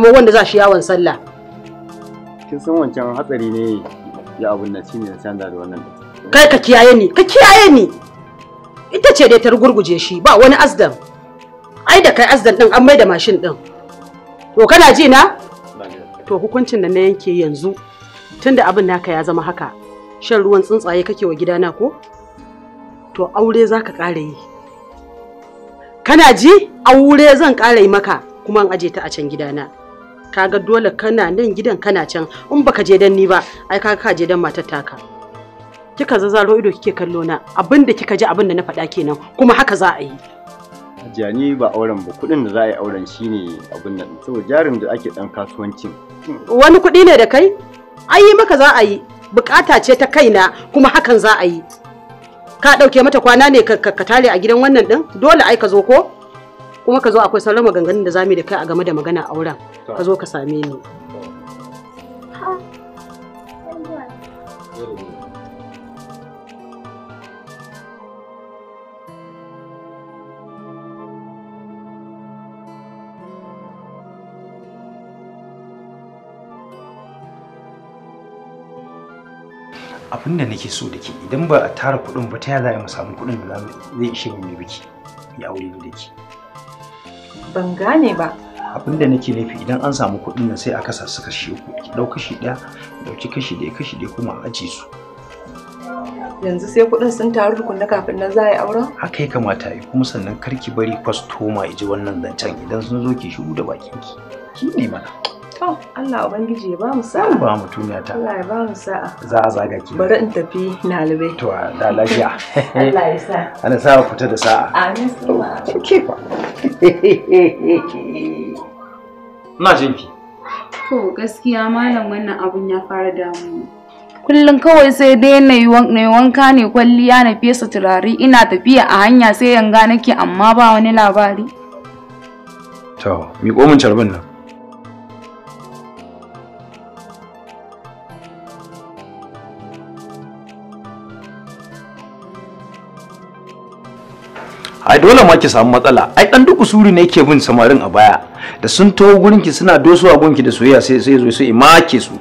kuma wanda za shi yawon sallah kin san wancan hatsari ne ya abun shine san da wannan kai ka kiyaye ni ka kiyaye ni ita ce dai ta gurguje shi ba wani azdan ai da kai azdan din an maida mashin din to kana ji na to hukuncin da na yanke yanzu tunda abin naka ya zama haka shan ruwan tsuntsaye kake wa gidana ko to aure za ka ƙara yi kana ji aure zan ƙara yi maka kuma an aje ta a can gidana kaga dole kana nan gidan kana can in baka je dan ni ba ai kaga ka je dan matar taka kika zazzaro ido kike kallo na abinda kika ji abinda na faɗa kenan kuma haka za a yi Hajiya ba auren ba kuɗin da za a yi auren shine abin nan saboda jarin da ake dan kasuwancin wani kuɗi ne da kai ai yi maka za a yi bukata ce ta kaina kuma hakan za a yi ka ɗauke mata kwana ne ka tare a gidan wannan ɗin dole ai ka zo ko kuma ka zo akwai sauran maganganun da zamu da kai a game da magana auren ka zo ka same ni abin da nake so da ke idan ba a tara kuɗin ba ta yaya za mu samu kuɗin da zai ishe mu biki ya aure ni da ke. Ban gane ba. Abin da nake nufi idan an samu kuɗin nan sai a kasa su kashi uku, ki ɗau kashi ɗaya, ɗauki kashi ɗaya, kashi ɗaya kuma a aje su. Yanzu sai kuɗin sun taru tukunna kafin nan za a yi auren? Haka ya kamata yi kuma sannan kar ki bari kwastoma ya ji wannan zancen idan sun zo ki shigo da bakin ki. Ki ne mana. To, Allah Ubangiji ya ba mu sa'a. Ba mu tuniya ta. Allah ya ba mu sa'a. Za a zaga ki. Bari in tafi na alibai. To, da lafiya. Allah ya sa. Ana sa fita da sa'a. Amin. Oh, ke fa. Ina jin ki. To, gaskiya malam wannan abun ya fara damuwa. Kullum kawai sai dai na yi wanka ne kwalliya na fesa turare ina tafiya a hanya sai yanga nake amma ba wani labari. To, miƙo min carbin nan. dole ma ki samu matsala ai dan duk usuri ne yake bin samarin a baya da sun taho gurin ki suna doso a ki da soyayya sai sai zo sai ma ke su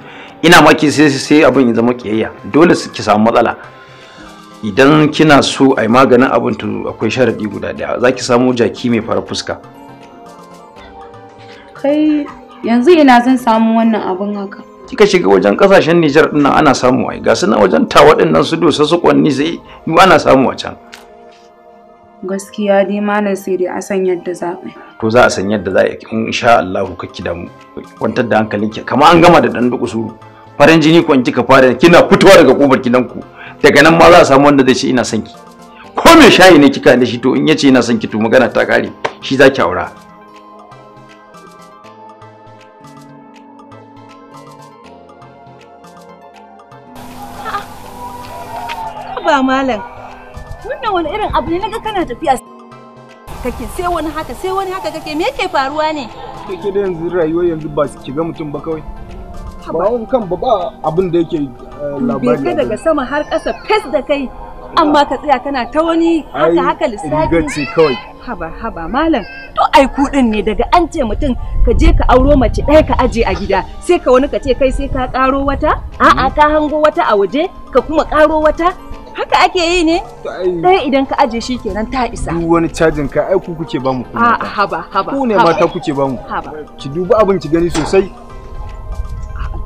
ina ma ki sai sai abin ya zama kiyayya dole ki samu matsala idan kina so ai maganin abin to akwai sharadi guda daya zaki samu jaki mai fara fuska kai yanzu ina zan samu wannan abin haka kika shiga wajen kasashen Nijar nan ana samu ai ga suna wajen tawa nan su dosa su kwanni sai ana samu a can gaskiya dai malam sai dai a san yadda za a to za a san yadda za a in sha Allah ka da mu kwantar da ki kamar an gama da dan duku su farin jini kwan kika fara kina fitowa daga kofar ku daga nan ma za a samu wanda zai ce ina son ki ko me shayi ne kika da shi to in yace ina son ki to magana ta kare shi za ki aura ba malam wani irin abu ne naga kana tafiya kake sai wani haka sai wani haka kake me yake faruwa ne kake da yanzu rayuwar yanzu ba ki ga mutum ba kawai ba wani kan ba ba abin da yake eh, labari ka daga sama har ƙasa fes da kai amma ka tsaya kana ta wani haka haka lissafi ai ce kawai haba haba malam to ai kudin ne daga an ce mutum ka je ka auro mace ɗaya ka aje a gida sai ka wani ka ce kai sai ka karo wata a'a ka hango wata a waje ka kuma karo wata Haka ake yi ne? Ɗaya idan ka aje shi kenan ta isa. Duk wani cajin ka ai ku kuke bamu ha ba ha ba Ku ne mata kuke bamu. ba Ki dubi abin ki gani sosai.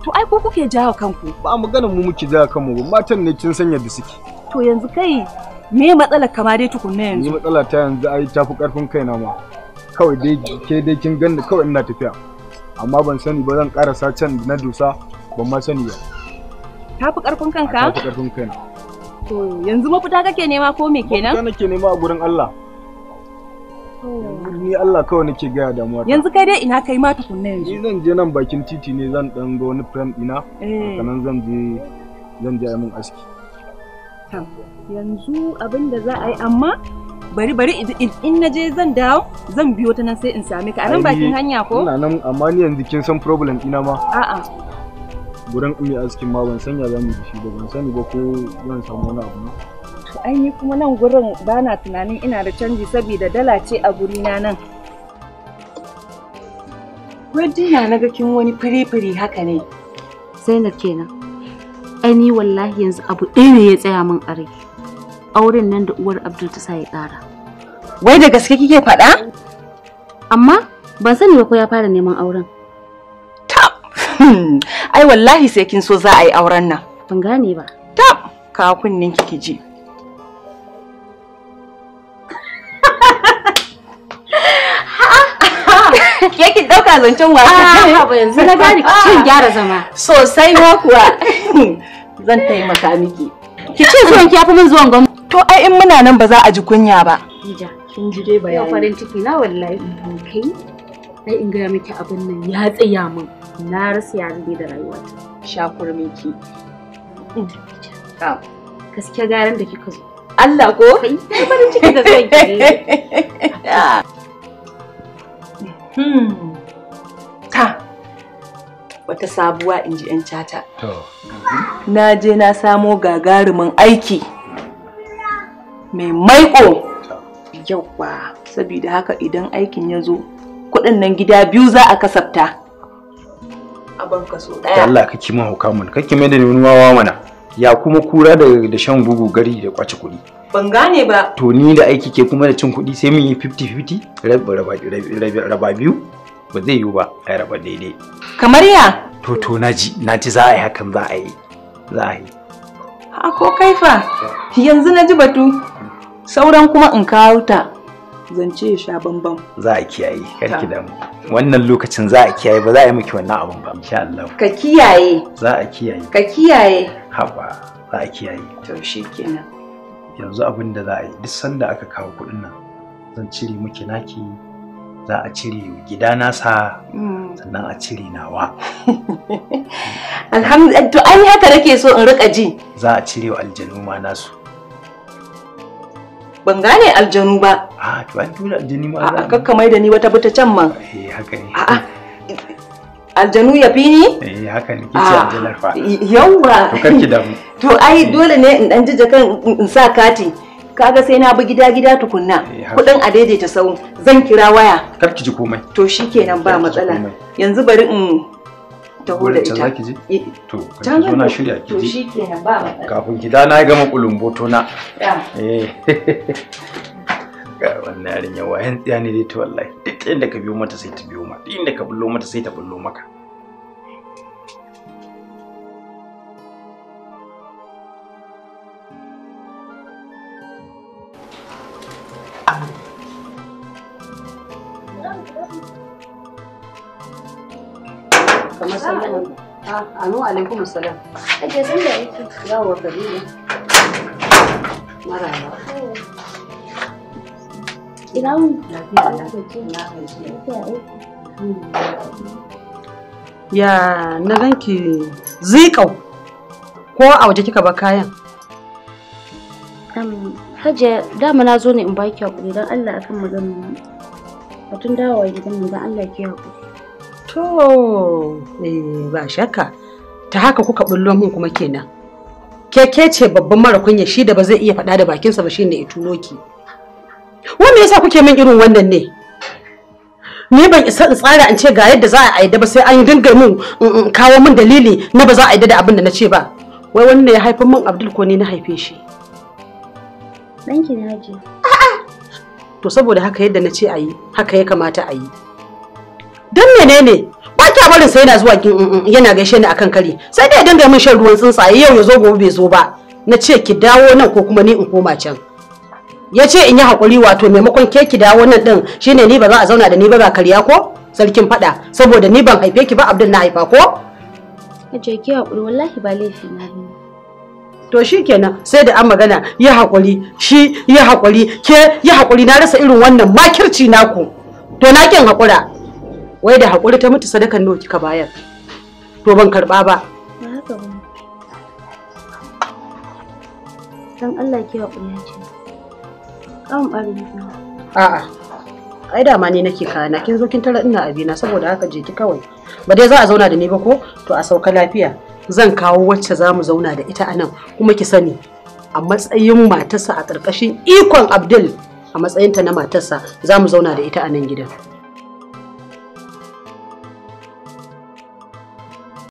To ai ku kuke jawo kanku. Ba ganin mu muke jawo kanmu ba matan ne kin san yadda suke. To yanzu kai me matsalar kama dai tukunna yanzu? Ni matsala ta yanzu ai ta fi karfin kaina ma. Kawai dai ke dai kin ganni kawai ina tafiya. Amma ban sani ba zan karasa can na dusa ban ma sani ba. ta fi karfin kanka? fi karfin kaina. To yanzu mafita kake nema ko me kenan? Mafita nake nema a gurin Allah. Ni Allah kawai nake gaya damuwa. Yanzu kai dai ina kai ma tukunna yanzu. Ni zan je nan bakin titi ne zan dan ga wani friend ina. Eh. Kanan zan je zan je mun aski. Yanzu abin da za a yi amma bari bari in na je zan dawo zan biyo ta nan sai in same ka a nan bakin hanya ko? Ina nan amma ni yanzu kin san problem ina ma. A'a. gurin mai askin ma ban sanya za mu yi shi ban sani ba ko zan samu wani abu to ai ni kuma nan gurin ba na tunanin ina da canji saboda dala ce a na nan Wadina na ga kin wani firifiri haka ne. Zainab kenan. Ai ni wallahi yanzu abu ɗaya ne ya tsaya min a Auren nan da uwar Abdul ta sa ya ƙara. Wai da gaske kike faɗa? Amma ban sani ba ko ya fara neman auren. Hmm. ai wallahi sai kin so za a yi auren nan ban gane ba ta kawo kunnen ki ji ke ki dauka zancen wasa ah, ba yanzu na gane kin ah, gyara zama sosai ma kuwa zan taimaka miki ki ce zuwan ki yafi min zuwan gwamnati to ai in muna nan ba za a ji kunya ba Khadija kin ji dai bayani Ya farin ciki na wallahi kai ai in ga miki abin nan ya tsaya min na rasa ya zube da rayuwata shakur miki gaskiya garan da kika zo Allah ko farin ciki da zan ki ah. hmm. ta wata sabuwa in ji 'yan cata na je na samo gagarumin aiki mai maiko yauwa saboda haka idan aikin ya zo kudin nan gida biyu za a kasafta a banka so daya Allah kake min hauka mun kake mai da ni wawa mana ya kuma kura da da shan gugu gari da kwace kuɗi ban gane ba to ni da aiki ke kuma da cin kuɗi sai mun yi 50-50 raba biyu ba zai yiwu ba a raba daidai kamar ya to to naji naji za a yi hakan za a yi za a yi Ha ko kaifa yanzu na ji batu sauran kuma in kawo ta zance ya sha bambam za a kiyaye kar ki damu wannan lokacin za a kiyaye ba za a yi miki wannan abin ba insha Allah ka kiyaye za a kiyaye ka kiyaye haba za a kiyaye to kenan. yanzu abin da za a yi duk sanda aka kawo kuɗin nan zan cire miki naki za a cire gida nasa mm. sannan a cire nawa alhamdulillah to an yi haka nake so in rika ji za a cire wa aljanu ma nasu ban gane aljanu ba ah, a to an tura aljanu ma a kakkamai da ni wata buta can man eh. haka ne aljanu ya fi ni? eh haka ne kici ah, aljanar fa yawwa to karki damu to ai eh. dole ne in dan jijja kan in sa kati kaga sai na bi gida gida tukunna eh, kudin a daidaita sau zan kira waya karki ji komai to shikenan ba matsala yanzu bari in taho da ita zaki ji eh, to kan zo na shirya ki ji to shikenan ba matsala kafin gida na gama kulumboto na eh ga wannan yarinya wayan tsaya ne dai ta wallahi duk inda ka biyo mata sai ta biyo ma duk inda ka bullo mata sai ta bullo maka ah, anu alaikum salam ake san da yake yawo kabila maraba Ya na ganki zikau ko a waje kika ba kayan? Hajiya dama na zo ne in baki haƙuri, don Allah akan maganin batun dawowa gidan mu don Allah ki haƙuri. To eh ba shakka ta haka kuka bullo mun kuma kenan. Keke ce babban mara kunya shi da ba zai iya faɗa da bakinsa ba shine ya tuno ki. Wai me yasa kuke min irin wannan ne? Ni ban isa in tsara in ce ga yadda za a aida ba sai an dinga min mm, mm, kawo min dalili na ba za a aida da abin da na ce ba. Wai wannan ya haifar min Abdul ko ne na haife shi. na To saboda haka yadda na ce a yi, haka ya kamata a yi. Dan menene? Ba ta barin sai yana zuwa mm, yana gaishe ni akan kari. Sai dai ya dinga min shan ruwan tsuntsaye yau ya zo gobe bai zo ba. Na ce ki dawo nan ko kuma ni in koma can. ya ce in yi haƙuri wato maimakon keki da wannan ɗin shine ni ba za a zauna da ni ba ba karya ko sarkin faɗa saboda ni ban haife ki ba abdul na haifa ko aje ki haƙuri wallahi ba laifi na to shikenan sai da an magana yi haƙuri shi yi haƙuri ke yi haƙuri na rasa irin wannan makirci naku to na kin haƙura wai da haƙuri ta mutu sadakan nawa kika bayar to ban karɓa ba dan Allah ki haƙuri ya ce tsawon ɓarin A'a. Ai dama ne nake kana kin zo kin tara ina abina saboda haka je ki kawai. Ba dai za a zauna da ni ba ko to a sauka lafiya. Zan kawo wacce za mu zauna da ita anan kuma ki sani a matsayin matarsa a ƙarƙashin ikon Abdul a matsayinta na matarsa za mu zauna da ita anan gidan.